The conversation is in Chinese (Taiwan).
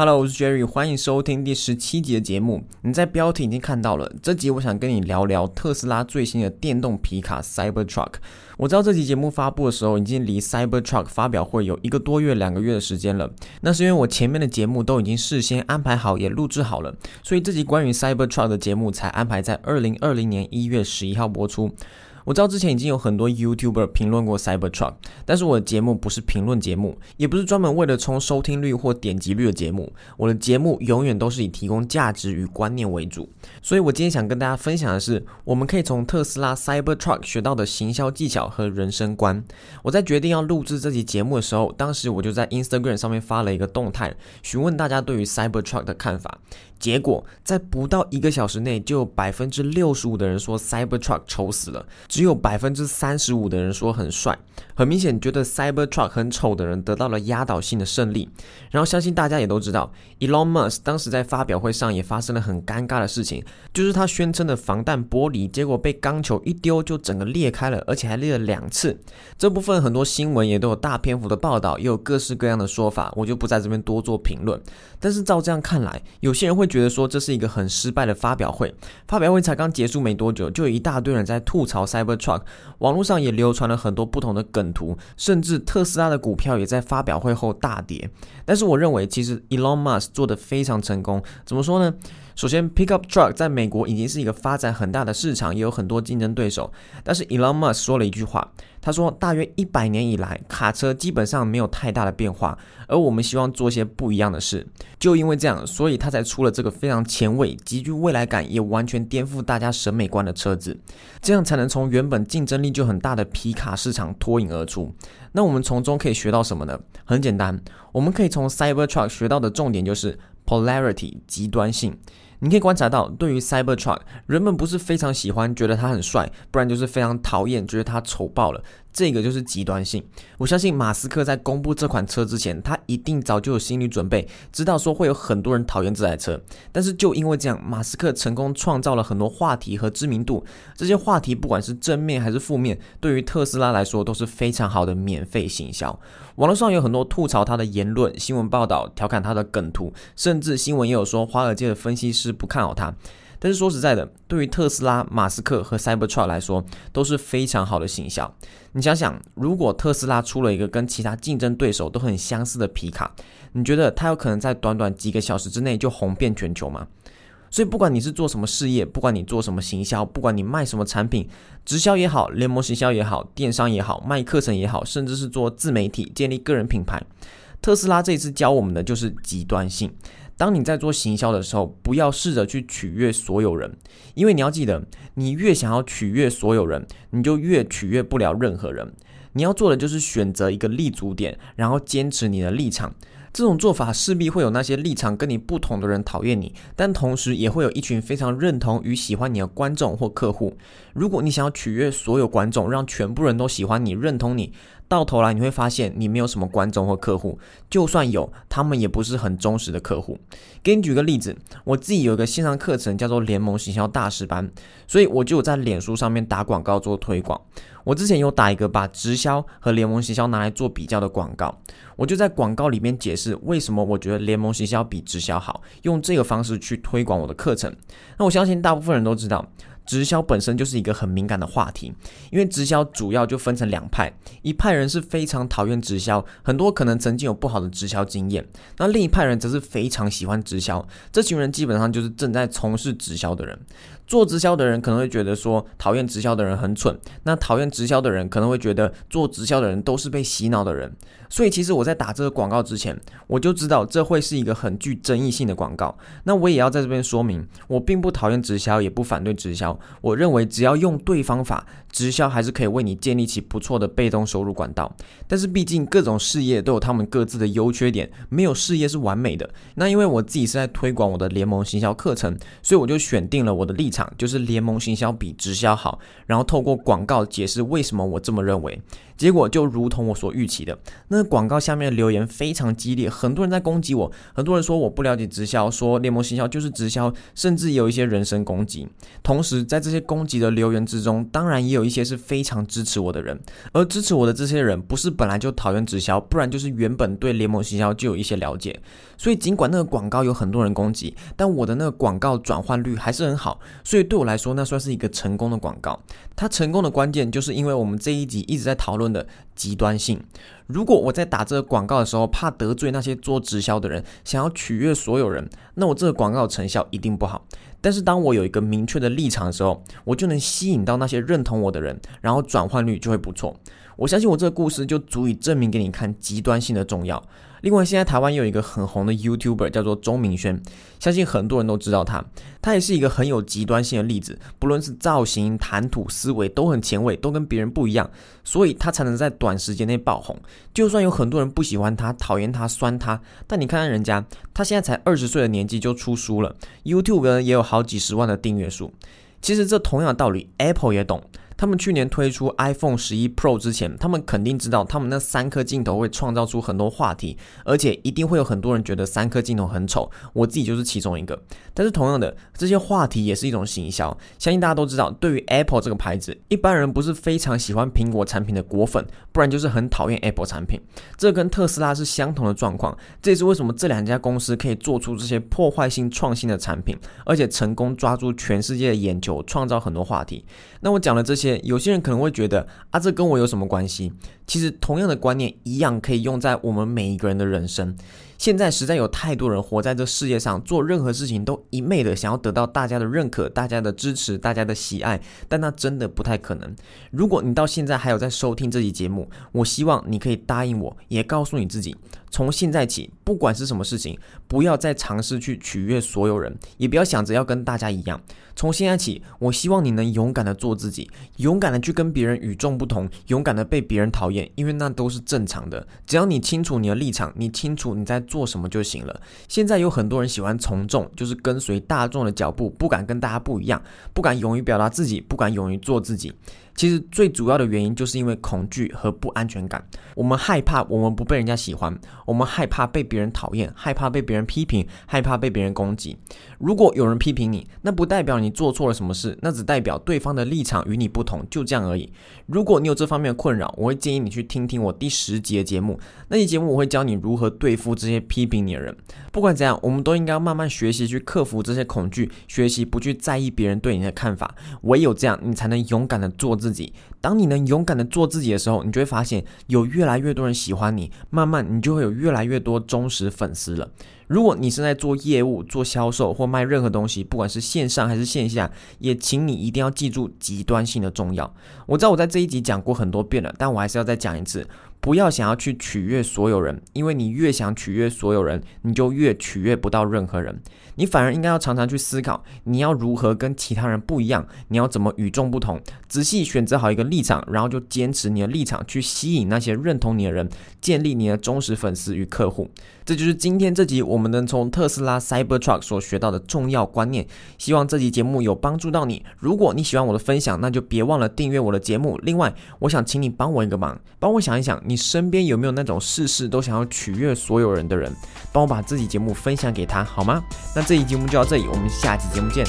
Hello，我是 Jerry，歡迎收聽第十七集的節目。你在標題已經看到了，這集我想跟你聊聊特斯拉最新的電動皮卡 Cybertruck。我知道這集節目發佈的時候，已經離 Cybertruck 發表會有一個多月、兩個月的時間了。那是因為我前面的節目都已經事先安排好，也錄製好了，所以這集關於 Cybertruck 的節目才安排在二零二零年一月十一號播出。我知道之前已經有很多 YouTuber 評論過 Cybertruck，但是我的節目不是評論節目，也不是專門為了衝收聽率或點擊率的節目。我的節目永遠都是以提供價值與觀念為主。所以我今天想跟大家分享的是，我們可以從特斯拉 Cybertruck 學到的行銷技巧和人生觀。我在決定要錄制這期節目的時候，當時我就在 Instagram 上面發了一個動態，詢問大家對於 Cybertruck 的看法。結果在不到一個小時內，就有百分之六十五的人說 Cybertruck 醜死了。只有百分之三十五的人說很帥，很明顯覺得 Cybertruck 很醜的人得到了壓倒性的勝利。然後相信大家也都知道，Elon Musk 當時在發表會上也發生了很尷尬的事情，就是他宣稱的防彈玻璃，結果被鋼球一丟就整個裂開了，而且還裂了兩次。這部分很多新聞也都有大篇幅的報道，也有各式各樣的說法，我就不在這邊多做評論。但是照這樣看來，有些人會覺得說這是一個很失敗的發表會，發表會才剛結束沒多久，就有一大堆人在吐槽 Cybertruck。網絡上也流傳了很多不同的梗圖，甚至特斯拉的股票也在發表會後大跌。但是我認為，其實 Elon Musk 做的非常成功，怎麼說呢？首先，pickup truck 在美國已經是一個發展很大的市場，也有很多競爭對手。但是 Elon Musk 說了一句話，他說：“大約一百年以來，卡車基本上沒有太大的變化，而我們希望做些不一樣的事。”就因為這樣，所以他才出了這個非常前衛、極具未來感，也完全顛覆大家審美觀的車子。這樣才能從原本競爭力就很大的皮卡市場脫穎而出。那我們從中可以學到什麼呢？很簡單，我們可以從 Cybertruck 學到的重點就是 polarity，極端性。你可以觀察到，對於 Cybertruck，人們不是非常喜歡，覺得他很帥，不然就是非常討厭，覺得他醜爆了。這個就是極端性。我相信馬斯克在公布這款車之前，他一定早就有心理準備，知道說會有很多人討厭這台車。但是就因為這樣，馬斯克成功創造了很多話題和知名度。這些話題不管是正面還是負面，對於特斯拉來說都是非常好的免費行銷。網絡上有很多吐槽他的言論、新聞報道、調侃他的梗圖，甚至新聞也有說華爾街的分析師不看好他。但是說實在的，對於特斯拉、馬斯克和 Cybertruck 來說，都是非常好的行銷。你想想，如果特斯拉出了一個跟其他競爭對手都很相似的皮卡，你覺得它有可能在短短幾個小時之內就紅遍全球嗎？所以，不管你是做什麼事業，不管你做什麼行銷，不管你賣什麼產品，直銷也好，聯盟行銷也好，電商也好，賣課程也好，甚至是做自媒體、建立個人品牌。特斯拉這一次教我們的就是極端性。當你在做行銷的時候，不要試着去取悅所有人，因為你要記得，你越想要取悅所有人，你就越取悅不了任何人。你要做的就是選擇一個立足點，然後堅持你的立場。這種做法勢必會有那些立場跟你不同的人討厭你，但同時也會有一群非常認同與喜歡你的觀眾或客戶。如果你想要取悅所有觀眾，讓全部人都喜歡你、認同你，到頭來你會發現你沒有什麼觀眾或客戶，就算有，他們也不是很忠實的客戶。給你舉個例子，我自己有一個線上課程叫做聯盟行銷大師班，所以我就在臉書上面打廣告做推廣。我之前有打一個把直銷和聯盟行銷拿來做比較的廣告，我就在廣告裡面解釋為什麼我覺得聯盟行銷比直銷好，用這個方式去推廣我的課程。那我相信大部分人都知道。直銷本身就是一個很敏感的話題，因為直銷主要就分成兩派，一派人是非常討厭直銷，很多可能曾經有不好的直銷經驗；那另一派人則是非常喜歡直銷，這群人基本上就是正在從事直銷的人。做直銷的人可能會覺得說討厭直銷的人很蠢，那討厭直銷的人可能會覺得做直銷的人都是被洗腦的人。所以其實我在打這個廣告之前，我就知道這會是一個很具爭議性的廣告。那我也要在這邊說明，我並不討厭直銷，也不反對直銷。我認為只要用對方法。直銷還是可以為你建立起不錯的被動收入管道，但是畢竟各種事業都有他們各自的優缺點，沒有事業是完美的。那因為我自己是在推廣我的聯盟行銷課程，所以我就選定了我的立場，就是聯盟行銷比直銷好，然後透過廣告解釋為什麼我這麼認為。結果就如同我所預期的，那個廣告下面的留言非常激烈，很多人在攻擊我，很多人說我不了解直銷，說聯盟行銷就是直銷，甚至也有一些人身攻擊。同時，在這些攻擊的留言之中，當然也有一些是非常支持我的人，而支持我的這些人不是本來就討厭直銷，不然就是原本對聯盟行銷就有一些了解。所以，儘管那個廣告有很多人攻擊，但我的那個廣告轉換率還是很好，所以對我來說，那算是一個成功的廣告。它成功的關鍵，就是因為我們這一集一直在討論。的極端性。如果我在打這個廣告的時候，怕得罪那些做直銷的人，想要取悅所有人，那我這個廣告成效一定不好。但是，當我有一個明確的立場的時候，我就能吸引到那些認同我的人，然後轉換率就會不錯。我相信我這個故事就足以證明給你看極端性的重要。另外，現在台灣有一個很紅的 YouTuber 叫做鍾明軒，相信很多人都知道他。他也是一個很有極端性的例子，不論是造型、談吐、思維都很前衛，都跟別人不一樣，所以他才能在短時間內爆紅。就算有很多人不喜歡他、討厭他、酸他，但你看看人家，他現在才二十歲的年紀就出書了，YouTube 也有好幾十萬的訂閱數。其實這同樣的道理，Apple 也懂。他們去年推出 iPhone 十一 Pro 之前，他們肯定知道他們那三顆鏡頭會創造出很多話題，而且一定會有很多人覺得三顆鏡頭很醜。我自己就是其中一個。但是同樣的，這些話題也是一種行銷。相信大家都知道，對於 Apple 這個牌子，一般人不是非常喜歡蘋果產品的果粉，不然就是很討厭 Apple 產品。這跟特斯拉是相同的狀況。這也是為什麼這兩家公司可以做出這些破壞性創新的產品，而且成功抓住全世界的眼球，創造很多話題。那我講了這些。有些人可能會覺得啊，這跟我有什麼關係？其實，同樣的觀念一樣可以用在我們每一個人的人生。現在實在有太多人活在這世界上，做任何事情都一昧的想要得到大家的認可、大家的支持、大家的喜愛，但那真的不太可能。如果你到現在還有在收聽這期節目，我希望你可以答應我，也告訴你自己。從現在起，不管是什麼事情，不要再嘗試去取悅所有人，也不要想着要跟大家一樣。從現在起，我希望你能勇敢的做自己，勇敢的去跟別人與眾不同，勇敢的被別人討厭，因為那都是正常的。只要你清楚你的立場，你清楚你在做什麼就行了。現在有很多人喜歡從眾，就是跟隨大眾的腳步，不敢跟大家不一樣，不敢勇於表達自己，不敢勇於做自己。其實最主要的原因就是因為恐懼和不安全感。我們害怕我們不被人家喜歡，我們害怕被別人討厭，害怕被別人批評，害怕被別人攻擊。如果有人批評你，那不代表你做錯了什麼事，那只代表對方的立場與你不同，就這樣而已。如果你有這方面的困擾，我會建議你去聽聽我第十集的節目，那期節目我會教你如何對付這些批評你的人。不管怎樣，我們都應該要慢慢學習去克服這些恐懼，學習不去在意別人對你的看法。唯有這樣，你才能勇敢的做自自己，當你能勇敢的做自己的時候，你就會發現有越來越多人喜歡你，慢慢你就會有越來越多忠實粉絲了。如果你是在做業務、做銷售或賣任何東西，不管是線上還是線下，也請你一定要記住極端性的重要。我知道我在這一集講過很多遍了，但我還是要再講一次：不要想要去取悅所有人，因為你越想取悅所有人，你就越取悅不到任何人。你反而應該要常常去思考，你要如何跟其他人不一樣，你要怎麼與眾不同。仔細選擇好一個立場，然後就堅持你的立場，去吸引那些認同你的人，建立你的忠實粉絲與客戶。這就是今天這集我們。我們能從特斯拉 Cybertruck 所學到的重要觀念，希望這期節目有幫助到你。如果你喜歡我的分享，那就別忘了訂閱我的節目。另外，我想請你幫我一個忙，幫我想一想你身邊有沒有那種事事都想要取悅所有人的人，幫我把這期節目分享給他，好嗎？那這期節目就到這裡，我們下期節目見。